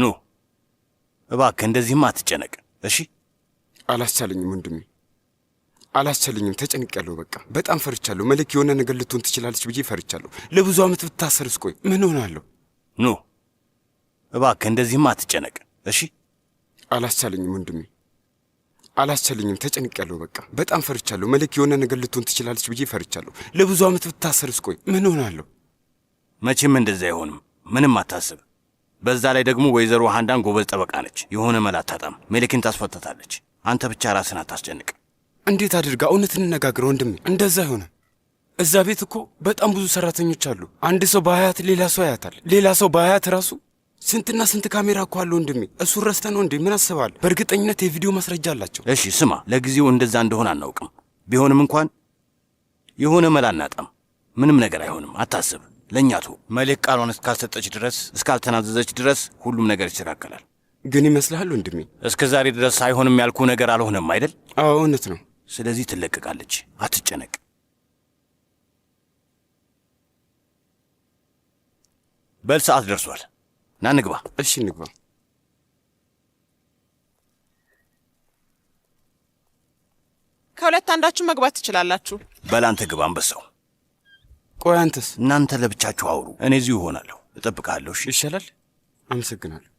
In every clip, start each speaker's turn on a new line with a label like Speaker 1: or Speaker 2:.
Speaker 1: ኑ እባክህ እንደዚህማ አትጨነቅ። እሺ
Speaker 2: አላስቻለኝም ወንድሜ፣ አላስቻለኝም። ተጨንቄያለሁ። በቃ በጣም ፈርቻለሁ። መልክ የሆነ ነገር ልትሆን ትችላለች ብዬ ፈርቻለሁ። ለብዙ ዓመት ብታሰርስ ቆይ ምን ሆናለሁ?
Speaker 1: ኑ እባክህ እንደዚህማ አትጨነቅ። እሺ
Speaker 2: አላስቻለኝም ወንድሜ፣ አላስቻለኝም። ተጨንቄያለሁ። በቃ በጣም ፈርቻለሁ። መልክ የሆነ ነገር ልትሆን ትችላለች ብዬ ፈርቻለሁ። ለብዙ ዓመት ብታሰርስ ቆይ ምን ሆናለሁ?
Speaker 1: መቼም እንደዚህ አይሆንም። ምንም አታስብ። በዛ ላይ ደግሞ ወይዘሮ ሃንዳን ጎበዝ ጠበቃ ነች። የሆነ መላ አታጣም። ሜሌክን ታስፈታታለች። አንተ ብቻ ራስን አታስጨንቅ።
Speaker 2: እንዴት አድርጋ እውነት እንነጋግር ወንድሜ። እንደዛ አይሆንም። እዛ ቤት እኮ በጣም ብዙ ሰራተኞች አሉ። አንድ ሰው በአያት ሌላ ሰው ያያታል፣ ሌላ ሰው በአያት ራሱ ስንትና ስንት ካሜራ እኮ አለ ወንድሜ። እሱ ረስተ ነው እንዴ? ምን አስባለ? በእርግጠኝነት የቪዲዮ ማስረጃ አላቸው።
Speaker 1: እሺ ስማ፣ ለጊዜው እንደዛ እንደሆነ አናውቅም። ቢሆንም እንኳን የሆነ መላ አናጣም። ምንም ነገር አይሆንም፣ አታስብ። ለእኛቱ መልክ ቃሏን እስካልሰጠች ድረስ እስካልተናዘዘች ድረስ ሁሉም ነገር ይስተካከላል።
Speaker 2: ግን ይመስልሃል ወንድሜ፣
Speaker 1: እስከ ዛሬ ድረስ አይሆንም ያልኩ ነገር አልሆነም አይደል? አዎ እውነት ነው። ስለዚህ ትለቀቃለች፣ አትጨነቅ። በል ሰዓት ደርሷል፣ ና ንግባ።
Speaker 2: እሺ ንግባ።
Speaker 3: ከሁለት አንዳችሁ መግባት ትችላላችሁ።
Speaker 1: በል አንተ ግባ አንበሳው ቆይ አንተስ? እናንተ ለብቻችሁ አውሩ፣ እኔ እዚሁ ሆናለሁ እጠብቃለሁ። እሺ፣
Speaker 2: ይሻላል። አመሰግናለሁ።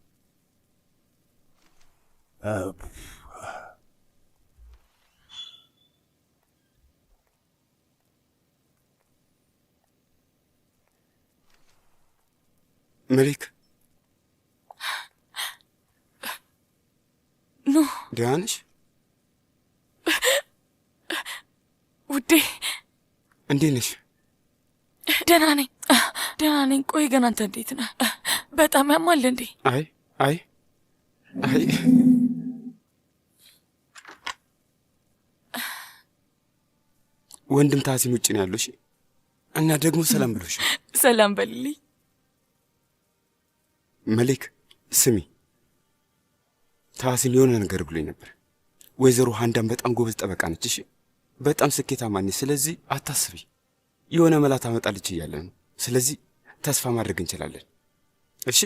Speaker 2: መሊክ ኖ ደህና ነሽ ውዴ? እንዴት ነሽ?
Speaker 4: ደህና ነኝ፣ ደህና ነኝ። ቆይ ግን አንተ እንዴት ነህ? በጣም ያማል እንዴ?
Speaker 2: አይ አይ አይ ወንድም ታሲን ውጭ ነው ያለሽ እና ደግሞ ሰላም ብሎሽ
Speaker 4: ሰላም በልልኝ።
Speaker 2: መሌክ ስሚ፣ ታሲን የሆነ ነገር ብሎኝ ነበር። ወይዘሮ ሀንዳን በጣም ጎበዝ ጠበቃ ነች፣ እሺ በጣም ስኬታማ ነች። ስለዚህ አታስቢ የሆነ መላ ታመጣለች እያለ ነው። ስለዚህ ተስፋ ማድረግ እንችላለን። እሺ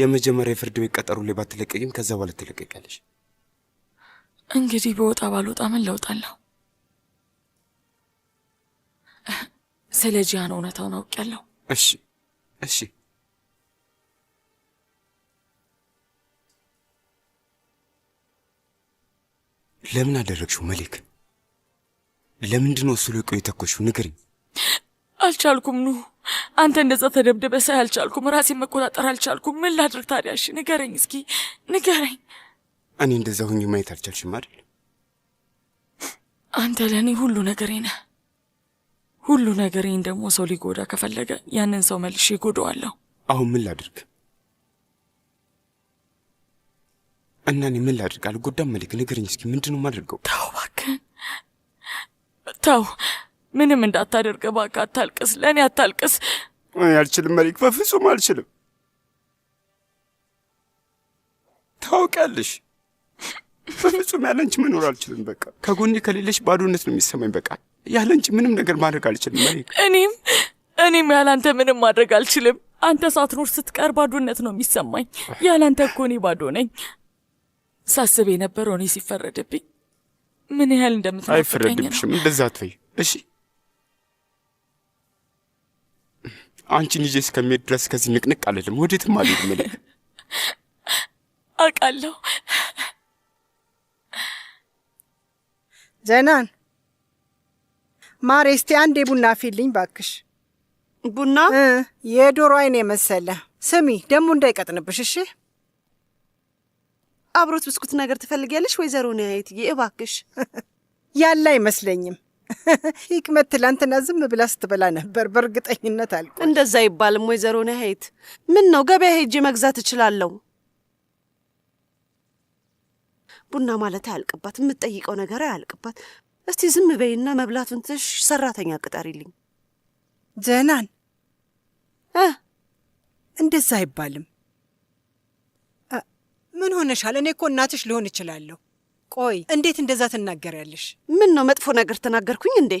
Speaker 2: የመጀመሪያ የፍርድ ቤት ቀጠሮ ላይ ባትለቀቂም ከዛ በኋላ ትለቀቂያለሽ።
Speaker 4: እንግዲህ በወጣ ባልወጣ ምን ለውጣለሁ? አለው? ስለ ጂያን እውነታውን አውቄያለሁ።
Speaker 2: እሺ እሺ ለምን አደረግሽው መሌክ? ለምንድን ነው እሱ የተኮሽው? ንገሪኝ።
Speaker 4: አልቻልኩም። ኑ አንተ እንደዛ ተደብደበ ሳይ አልቻልኩም፣ ራሴን መቆጣጠር አልቻልኩም። ምን ላድርግ ታዲያ? እሺ ንገረኝ፣ እስኪ ንገረኝ።
Speaker 2: እኔ እንደዛ ሁኝ ማየት አልቻልሽም አይደል?
Speaker 4: አንተ ለእኔ ሁሉ ነገሬ ነህ። ሁሉ ነገሬን ደግሞ ሰው ሊጎዳ ከፈለገ ያንን ሰው መልሼ ይጎዳዋለሁ።
Speaker 2: አሁን ምን ላድርግ እና እኔ ምን ላድርግ? አልጎዳም። መልክ ንገረኝ እስኪ ምንድነው ማድርገው?
Speaker 4: ተው እባክህን ተው። ምንም እንዳታደርግ እባክህ፣ አታልቅስ፣ ለእኔ አታልቅስ።
Speaker 2: አልችልም መሊክ፣ በፍጹም አልችልም። ታውቂያለሽ፣ በፍጹም ያለንች መኖር አልችልም። በቃ ከጎኔ ከሌለሽ ባዶነት ነው የሚሰማኝ። በቃ ያለንች ምንም ነገር ማድረግ አልችልም መሊክ።
Speaker 4: እኔም እኔም ያላንተ ምንም ማድረግ አልችልም። አንተ ሳትኖር ስትቀር ባዶነት ነው የሚሰማኝ። ያላንተ እኮ እኔ ባዶ ነኝ። ሳስብ የነበረው እኔ ሲፈረድብኝ ምን ያህል
Speaker 2: እንደምትናፍቀኝ ነው። አይፈረድብሽም፣ እንደዛ አትበይ እሺ አንቺን ይዤ እስከሚሄድ ድረስ ከዚህ ንቅንቅ አልልም፣ ወዴትም አልሄድም። እኔ
Speaker 4: አውቃለሁ።
Speaker 5: ዘናን ማሬ፣ እስቲ አንዴ ቡና ፊልኝ ባክሽ። ቡና የዶሮ አይን የመሰለ ስሚ፣ ደሞ እንዳይቀጥንብሽ እሺ።
Speaker 6: አብሮት ብስኩት ነገር ትፈልጊያለሽ ወይዘሮ ነው? እባክሽ
Speaker 5: ያለ አይመስለኝም። ሂክመት ትላንትና ዝም ብላ ስትበላ ነበር። በእርግጠኝነት አልቆ
Speaker 6: እንደዛ አይባልም። ወይዘሮ ነሐይት ምን ነው ገበያ ሄጄ መግዛት እችላለሁ። ቡና ማለት አያልቅባት፣ የምትጠይቀው ነገር አያልቅባት። እስቲ ዝም በይና መብላቱን ትሽ ሰራተኛ ቅጠሪልኝ።
Speaker 5: ጀናን እንደዛ አይባልም።
Speaker 6: ምን ሆነሻል? እኔ እኮ እናትሽ ልሆን እችላለሁ። ቆይ እንዴት እንደዛ ትናገሪያለሽ? ምን ነው መጥፎ ነገር ተናገርኩኝ እንዴ?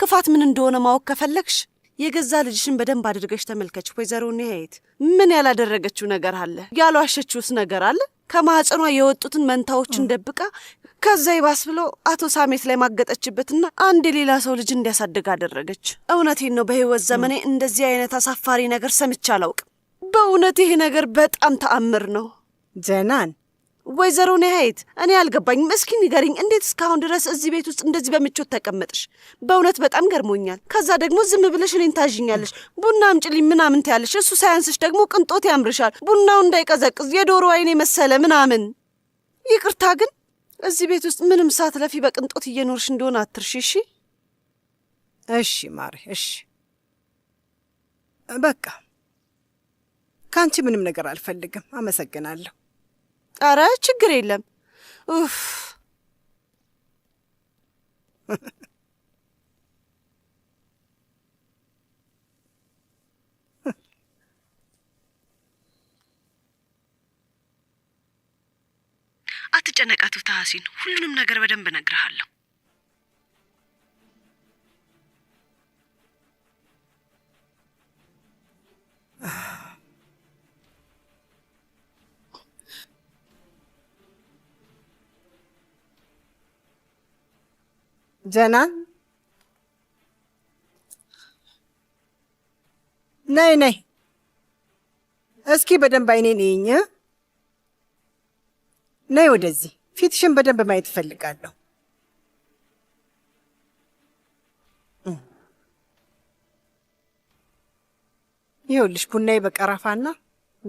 Speaker 6: ክፋት ምን እንደሆነ ማወቅ ከፈለግሽ የገዛ ልጅሽን በደንብ አድርገሽ ተመልከች። ወይዘሮ ኒሀየት ምን ያላደረገችው ነገር አለ? ያልዋሸችውስ ነገር አለ? ከማህፀኗ የወጡትን መንታዎችን ደብቃ ከዛ ይባስ ብሎ አቶ ሳሜት ላይ ማገጠችበትና አንድ የሌላ ሰው ልጅ እንዲያሳድግ አደረገች። እውነቴን ነው፣ በህይወት ዘመኔ እንደዚህ አይነት አሳፋሪ ነገር ሰምቼ አላውቅም። በእውነት ይሄ ነገር በጣም ተአምር ነው። ጀናን ወይዘሮ ነሐይት እኔ አልገባኝ እስኪ ንገሪኝ፣ እንዴት እስካሁን ድረስ እዚህ ቤት ውስጥ እንደዚህ በምቾት ተቀመጥሽ? በእውነት በጣም ገርሞኛል። ከዛ ደግሞ ዝም ብለሽ እኔን ታዥኛለሽ፣ ቡና አምጪልኝ ምናምን ትያለሽ። እሱ ሳያንስሽ ደግሞ ቅንጦት ያምርሻል፣ ቡናው እንዳይቀዘቅዝ የዶሮ አይን የመሰለ ምናምን። ይቅርታ ግን እዚህ ቤት ውስጥ ምንም ሳትለፊ በቅንጦት እየኖርሽ እንደሆነ አትርሺ። እሺ፣
Speaker 5: እሺ እሺ ማሪ፣ እሺ በቃ ከአንቺ ምንም ነገር አልፈልግም። አመሰግናለሁ።
Speaker 6: ኧረ ችግር የለም ኡፍ አትጨነቃቱ ታሐሲን፣ ሁሉንም ነገር በደንብ እነግርሃለሁ።
Speaker 5: ጀና ነይ ነይ፣ እስኪ በደንብ አይኔ እይኝ። ነይ ወደዚህ፣ ፊትሽን በደንብ ማየት እፈልጋለሁ። ይኸውልሽ ቡናዬ በቀረፋና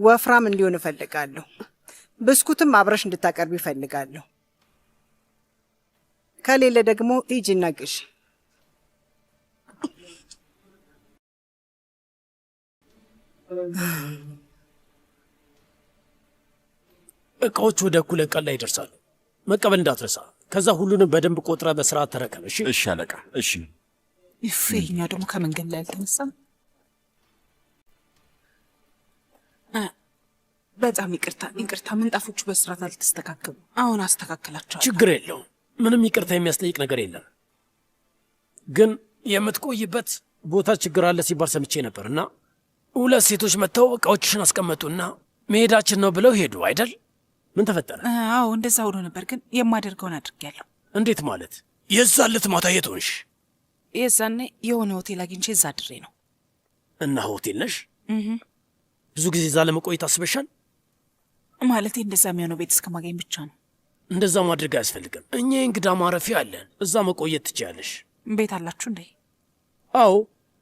Speaker 5: ወፍራም እንዲሆን እፈልጋለሁ። ብስኩትም አብረሽ እንድታቀርብ ይፈልጋለሁ። ከሌለ ደግሞ ሂጂ እና
Speaker 1: እቃዎች ወደ እኩለ ቀን ላይ ይደርሳሉ። መቀበል እንዳትረሳ። ከዛ ሁሉንም በደንብ ቆጥረ በስርዓት ተረከብ። እሺ?
Speaker 2: እሺ አለቃ። እሺ።
Speaker 6: ይፈኛ ደግሞ ከመንገድ ላይ አልተነሳም። በጣም ይቅርታ፣ ይቅርታ። ምንጣፎቹ በስርዓት አልተስተካከሉ። አሁን አስተካከላቸዋል።
Speaker 1: ችግር የለውም። ምንም ይቅርታ የሚያስጠይቅ ነገር የለም። ግን የምትቆይበት ቦታ ችግር አለ ሲባል ሰምቼ ነበር እና ሁለት ሴቶች መጥተው እቃዎችሽን አስቀመጡና መሄዳችን ነው ብለው ሄዱ አይደል? ምን ተፈጠረ?
Speaker 6: አዎ እንደዛ ሆኖ ነበር፣ ግን የማደርገውን አድርጌያለሁ።
Speaker 1: እንዴት ማለት? የዛለት ማታ የት ሆንሽ?
Speaker 6: የዛኔ የሆነ ሆቴል አግኝቼ እዛ አድሬ ነው።
Speaker 1: እና ሆቴል ነሽ? ብዙ ጊዜ እዛ ለመቆየት አስበሻል?
Speaker 6: ማለት እንደዛ የሚሆነው ቤት እስከማገኝ ብቻ ነው።
Speaker 1: እንደዛ ማድረግ አያስፈልግም። እኛ የእንግዳ ማረፊያ አለን፣ እዛ መቆየት ትችያለሽ።
Speaker 6: ቤት አላችሁ እንዴ?
Speaker 1: አዎ፣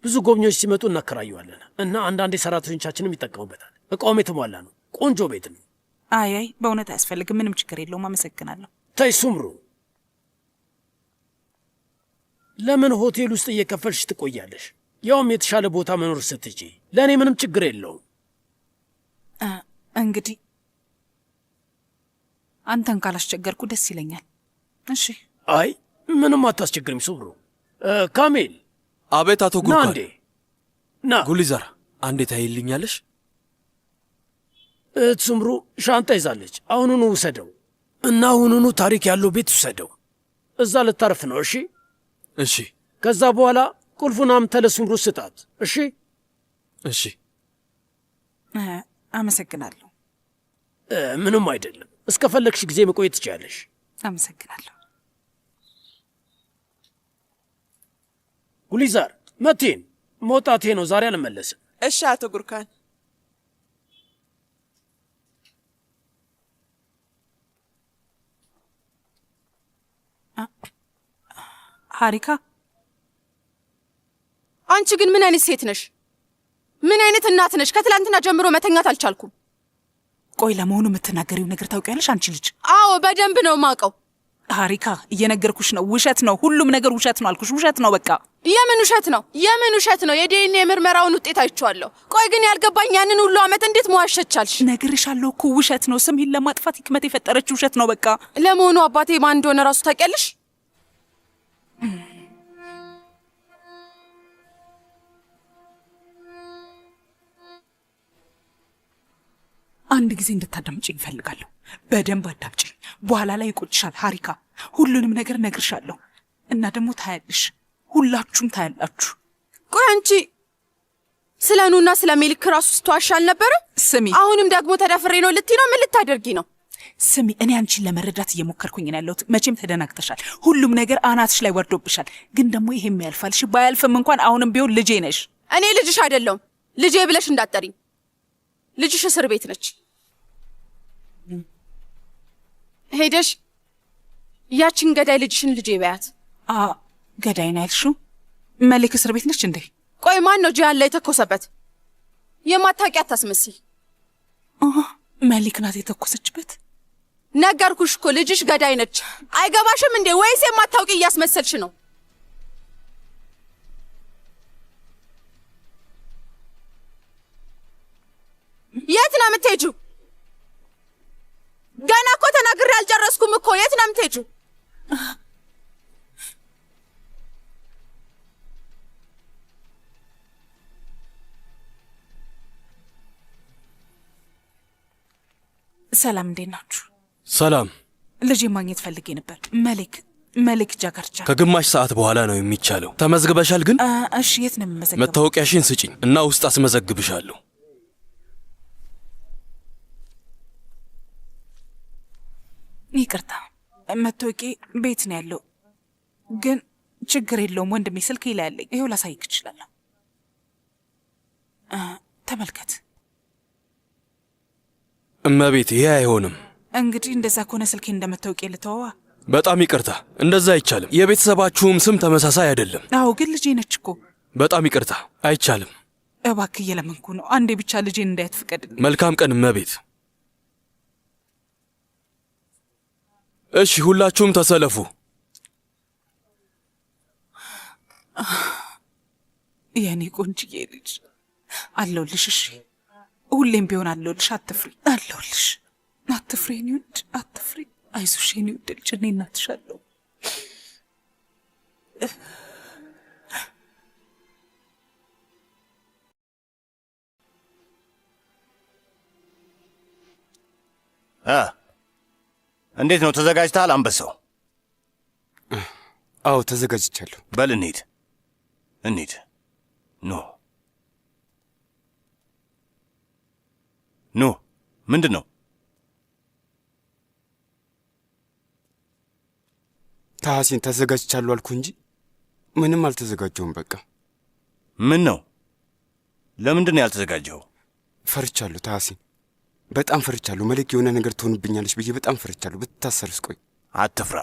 Speaker 1: ብዙ ጎብኚዎች ሲመጡ እናከራየዋለን እና አንዳንዴ ሰራተኞቻችንም ይጠቀሙበታል። እቃውም የተሟላ ነው፣ ቆንጆ ቤት ነው።
Speaker 6: አይ አይ፣ በእውነት አያስፈልግም። ምንም ችግር የለውም። አመሰግናለሁ።
Speaker 1: ተይ ሱምሩ፣ ለምን ሆቴል ውስጥ እየከፈልሽ ትቆያለሽ? ያውም የተሻለ ቦታ መኖር ስትጪ። ለእኔ ምንም ችግር የለውም።
Speaker 6: እንግዲህ አንተን ካላስቸገርኩ ደስ ይለኛል። እሺ።
Speaker 1: አይ ምንም አታስቸግርም። ሰብሮ ካሜል።
Speaker 7: አቤት። አቶ ጉርጓድ። አንዴ ና ጉሊዘራ፣ አንዴ ታይልኛለሽ?
Speaker 1: ትስምሩ ሱምሩ ሻንጣ ይዛለች። አሁኑኑ ውሰደው እና አሁኑኑ ታሪክ ያለው ቤት ውሰደው። እዛ ልታርፍ ነው። እሺ እሺ። ከዛ በኋላ ቁልፉን አምተ ለስምሩ ስጣት። እሺ
Speaker 7: እሺ።
Speaker 6: አመሰግናለሁ።
Speaker 1: ምንም አይደለም። እስከፈለግሽ ጊዜ መቆየት ትችላለሽ።
Speaker 6: አመሰግናለሁ።
Speaker 1: ጉሊዛር መቴን መውጣቴ ነው። ዛሬ አልመለስም።
Speaker 8: እሺ አቶ ጉርካን። ሀሪካ፣ አንቺ ግን ምን አይነት ሴት ነሽ? ምን አይነት እናት ነሽ? ከትላንትና ጀምሮ መተኛት አልቻልኩም።
Speaker 6: ቆይ ለመሆኑ የምትናገሪው ነገር ታውቂያለሽ አንቺ ልጅ?
Speaker 8: አዎ በደንብ ነው ማውቀው።
Speaker 6: ሀሪካ እየነገርኩሽ ነው፣ ውሸት ነው። ሁሉም ነገር ውሸት ነው አልኩሽ፣ ውሸት ነው በቃ።
Speaker 8: የምን ውሸት ነው? የምን ውሸት ነው? የዲኤንኤ ምርመራውን ውጤት አይቼዋለሁ። ቆይ ግን ያልገባኝ ያንን ሁሉ ዓመት እንዴት መዋሸቻልሽ? ቻልሽ?
Speaker 6: ነግሬሻለሁ እኮ ውሸት ነው። ስምህን ለማጥፋት ህክመት የፈጠረች ውሸት ነው በቃ።
Speaker 8: ለመሆኑ አባቴ ማን እንደሆነ ራሱ ታውቂያለሽ?
Speaker 6: አንድ ጊዜ እንድታዳምጭኝ ይፈልጋለሁ በደንብ አዳምጭኝ። በኋላ ላይ ይቆጭሻል ሀሪካ። ሁሉንም ነገር ነግርሻለሁ እና ደግሞ ታያለሽ፣ ሁላችሁም ታያላችሁ።
Speaker 8: ቆይ አንቺ ስለ ኑና ስለ ሜሊክ ራሱ ስትዋሽ አልነበረ? ስሚ፣ አሁንም ደግሞ ተደፍሬ ነው ልትይ ነው? ምን ልታደርጊ ነው?
Speaker 6: ስሚ፣ እኔ አንቺን ለመረዳት እየሞከርኩኝ ነው ያለሁት። መቼም ተደናግተሻል፣ ሁሉም ነገር አናትሽ ላይ ወርዶብሻል። ግን ደግሞ ይሄም ያልፋልሽ። ባያልፍም እንኳን አሁንም ቢሆን ልጄ ነሽ።
Speaker 8: እኔ ልጅሽ አይደለሁም፣ ልጄ ብለሽ እንዳጠሪኝ ልጅሽ እስር ቤት ነች። ሄደሽ ያችን ገዳይ ልጅሽን ልጄ በያት።
Speaker 6: ገዳይ ነው መልክ እስር ቤት ነች እንዴ?
Speaker 8: ቆይ ማን ነው ጂያን ላይ የተኮሰበት? የማታውቂያት አታስመስይ።
Speaker 6: መልክ ናት የተኮሰችበት።
Speaker 8: ነገርኩሽ እኮ ልጅሽ ገዳይ ነች። አይገባሽም እንዴ? ወይስ የማታውቂ እያስመሰልሽ ነው? ነው የምትሄጂው? ገና እኮ ተናግሬ አልጨረስኩም እኮ። የት ነው የምትሄጂው?
Speaker 6: ሰላም፣ እንዴት ናችሁ? ሰላም። ልጅ ማግኘት ፈልጌ ነበር። መሌክ መሌክ ጃጋርቻ።
Speaker 1: ከግማሽ ሰዓት በኋላ ነው የሚቻለው። ተመዝግበሻል ግን?
Speaker 6: እሺ። የት ነው የምመዘግበው?
Speaker 1: መታወቂያሽን ስጪኝ እና ውስጥ አስመዘግብሻለሁ።
Speaker 6: ይቅርታ፣ መታወቂ ቤት ነው ያለው፣ ግን ችግር የለውም ወንድሜ። ስልክ ይላያለኝ፣ ይኸው ላሳይክ እችላለሁ። ተመልከት።
Speaker 7: እመቤት፣ ይሄ አይሆንም።
Speaker 6: እንግዲህ እንደዛ ከሆነ ስልክ እንደመታወቂ ልተወዋ።
Speaker 7: በጣም ይቅርታ፣ እንደዛ አይቻልም። የቤተሰባችሁም ስም ተመሳሳይ አይደለም።
Speaker 6: አዎ፣ ግን ልጄ ነች እኮ።
Speaker 7: በጣም ይቅርታ፣ አይቻልም።
Speaker 6: እባክህ እየለመንኩ ነው። አንዴ ብቻ ልጄን እንዳያት ፍቀድልኝ።
Speaker 7: መልካም ቀን እመቤት። እሺ፣ ሁላችሁም ተሰለፉ።
Speaker 6: የእኔ ቆንጅዬ ልጅ አለሁልሽ። እሺ፣ ሁሌም ቢሆን አለሁልሽ። አትፍሪ፣ አለሁልሽ። አትፍሪ የእኔ ውድ፣ አትፍሪ። አይዞሽ የእኔ ውድ ልጅ፣ እኔ እናትሻለሁ።
Speaker 1: አዎ እንዴት ነው ተዘጋጅተሃል? አንበሳው
Speaker 2: አዎ ተዘጋጅቻለሁ።
Speaker 1: በል እንሂድ እንሂድ። ኖ ኖ ምንድን ነው
Speaker 2: ታሐሴን ተዘጋጅቻለሁ አልኩ እንጂ ምንም አልተዘጋጀውም በቃ
Speaker 1: ምን ነው? ለምንድን ነው ያልተዘጋጀኸው?
Speaker 2: ፈርቻለሁ ታሐሴን በጣም ፈርቻለሁ። መልክ የሆነ ነገር ትሆንብኛለች ብዬ በጣም ፈርቻለሁ። ብትታሰርስ? ቆይ
Speaker 1: አትፍራ፣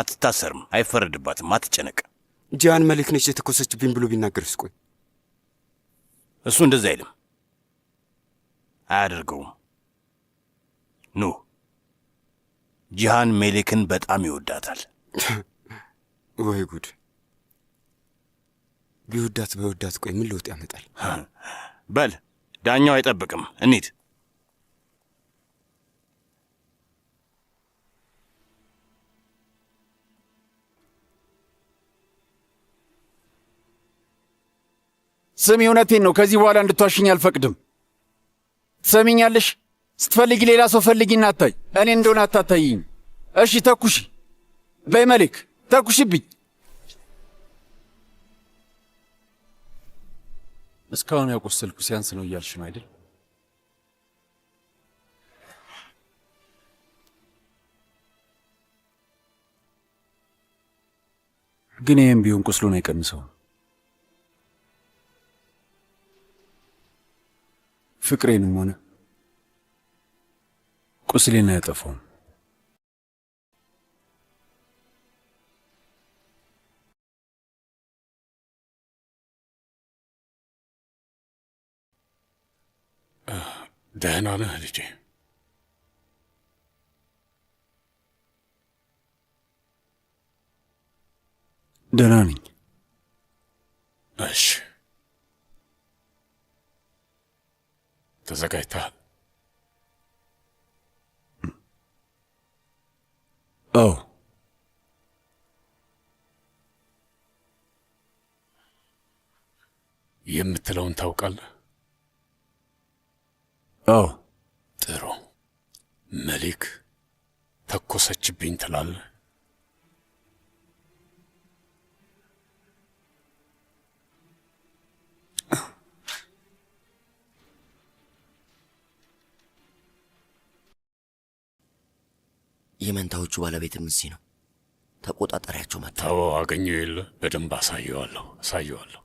Speaker 1: አትታሰርም፣ አይፈረድባትም፣ አትጨነቅ።
Speaker 2: ጂያን መልክ ነች የተኮሰችብኝ ብሎ ቢናገርስ? ቆይ
Speaker 1: እሱ እንደዛ አይልም፣ አያደርገውም። ኑ ጂሃን ሜሌክን በጣም ይወዳታል።
Speaker 2: ወይ ጉድ! ቢወዳት በወዳት፣ ቆይ ምን ለውጥ ያመጣል?
Speaker 1: በል ዳኛው አይጠብቅም፣ እንሂድ። ስሚ፣ እውነቴን ነው። ከዚህ በኋላ እንድትዋሽኝ አልፈቅድም። ትሰሚኛለሽ? ስትፈልጊ ሌላ ሰው ፈልጊና አታይ። እኔ እንደሆነ አታታይኝ። እሺ፣ ተኩሺ። በይ መሌክ፣ ተኩሽብኝ
Speaker 2: እስካሁን ያቆሰልኩ ሲያንስ ነው እያልሽ ነው አይደል? ግን ይህም ቢሆን ቁስሉን አይቀንሰውም። ፍቅሬንም ሆነ ቁስሌን አያጠፋውም። ደህና ነህ ልጄ? ደህና ነኝ።
Speaker 1: እሺ ተዘጋጅተሃል? አዎ። የምትለውን ታውቃለህ? አዎ። ጥሩ። መሊክ ተኮሰችብኝ ትላለህ? የመንታዎቹ ባለቤትም እዚህ ነው። ተቆጣጣሪያቸው መጣ። አዎ፣ አገኘው የለ በደንብ አሳየዋለሁ አሳየዋለሁ።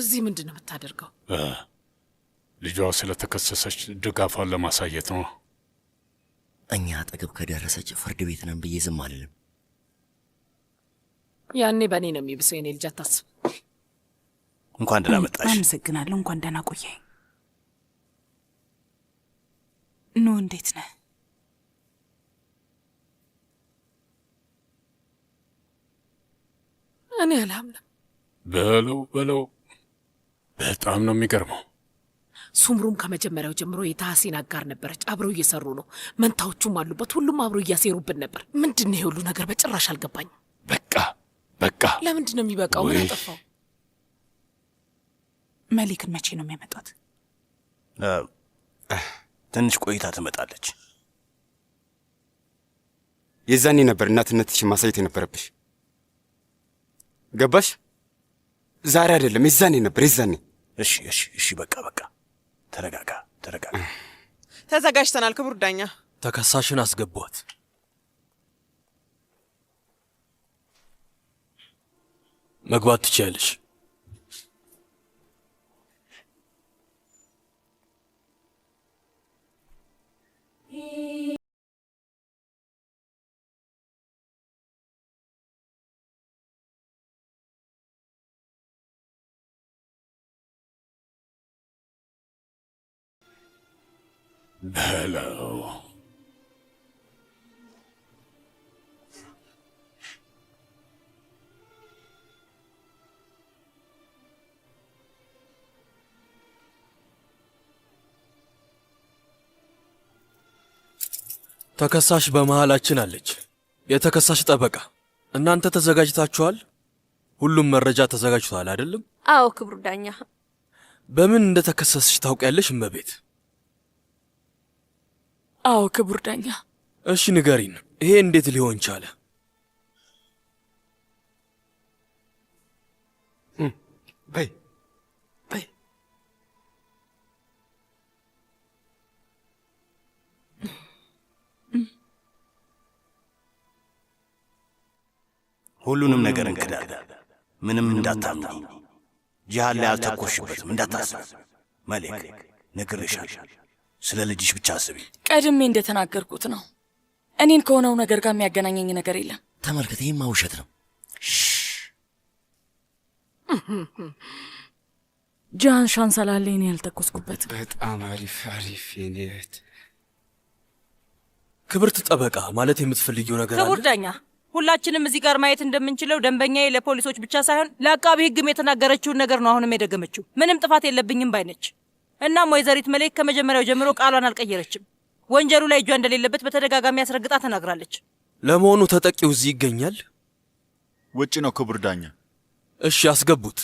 Speaker 6: እዚህ ምንድን ነው የምታደርገው?
Speaker 1: ልጇ ስለተከሰሰች ድጋፏን ለማሳየት ነው። እኛ አጠገብ ከደረሰች ፍርድ ቤት ነን ብዬ ዝም አልልም።
Speaker 6: ያኔ በእኔ ነው የሚብሰው። የኔ ልጅ አታስብ።
Speaker 1: እንኳን ደህና መጣሽ።
Speaker 6: አመሰግናለሁ። እንኳን ደህና ቆየኝ። ኑ እንዴት ነህ? እኔ አልሀምንም
Speaker 1: በለው በለው በጣም ነው የሚገርመው።
Speaker 6: ሱምሩም ከመጀመሪያው ጀምሮ የታህሴን አጋር ነበረች። አብረው እየሰሩ ነው። መንታዎቹም አሉበት። ሁሉም አብረው እያሴሩብን ነበር። ምንድን ነው የሁሉ ነገር? በጭራሽ አልገባኝም።
Speaker 1: በቃ በቃ።
Speaker 6: ለምንድን ነው የሚበቃው? ምን አጠፋው? መሊክን መቼ ነው የሚመጣት?
Speaker 2: ትንሽ ቆይታ ትመጣለች። የዛኔ ነበር እናትነትሽ ማሳየት የነበረብሽ። ገባሽ? ዛሬ አይደለም፣ የዛኔ ነበር የዛኔ።
Speaker 1: እሺ እሺ እሺ፣ በቃ በቃ፣ ተረጋጋ ተረጋጋ።
Speaker 8: ተዘጋጅተናል ክቡር ዳኛ።
Speaker 2: ተከሳሽን አስገቧት። መግባት ትችያለሽ። Hello. ተከሳሽ በመሃላችን አለች። የተከሳሽ ጠበቃ፣ እናንተ ተዘጋጅታችኋል? ሁሉም መረጃ ተዘጋጅቷል አይደለም?
Speaker 8: አዎ ክቡር ዳኛ።
Speaker 2: በምን እንደተከሰስሽ ታውቂያለሽ እመቤት?
Speaker 8: አዎ ክቡር ዳኛ።
Speaker 2: እሺ ንገሪን፣ ይሄ እንዴት ሊሆን ቻለ?
Speaker 1: በይ በይ ሁሉንም ነገር እንክዳለን። ምንም እንዳታምኝ። ጂሃን ላይ አልተኮሽበትም እንዳታስብ። መሌክ ነግሬሻል። ስለ ልጅሽ ብቻ አስቢ።
Speaker 8: ቀድሜ እንደተናገርኩት ነው። እኔን ከሆነው ነገር ጋር የሚያገናኘኝ ነገር የለም።
Speaker 1: ተመልከት፣ ይህማ ውሸት ነው።
Speaker 6: ጃን ሻንሰላለ እኔ ያልተኮስኩበት።
Speaker 2: በጣም አሪፍ አሪፍ። ኔት ክብርት ጠበቃ ማለት የምትፈልጊው ነገር
Speaker 8: ክቡር ዳኛ፣ ሁላችንም እዚህ ጋር ማየት እንደምንችለው ደንበኛዬ ለፖሊሶች ብቻ ሳይሆን ለአቃቢ ሕግም የተናገረችውን ነገር ነው አሁንም የደገመችው። ምንም ጥፋት የለብኝም ባይነች እናም ወይዘሪት መሌክ ከመጀመሪያው ጀምሮ ቃሏን አልቀየረችም። ወንጀሉ ላይ እጇ እንደሌለበት በተደጋጋሚ አስረግጣ ተናግራለች።
Speaker 2: ለመሆኑ ተጠቂው እዚህ ይገኛል? ውጭ ነው ክቡር ዳኛ። እሺ አስገቡት።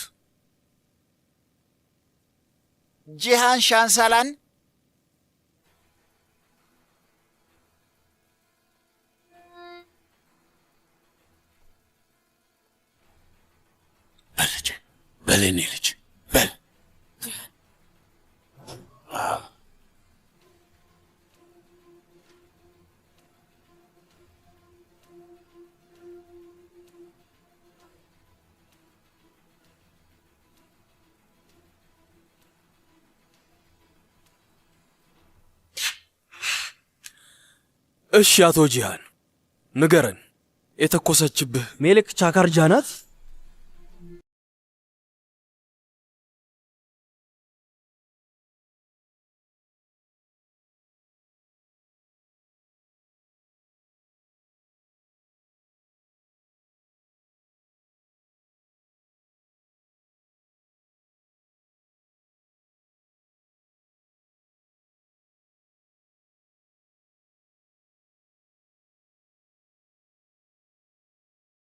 Speaker 5: ጂሃን ሻንሳላን
Speaker 1: በልጄ በሌኔ ልጅ
Speaker 2: እሺ አቶ ጂሃን ንገረን፣ የተኮሰችብህ
Speaker 1: ሜሌክ ቻካርጃ ናት?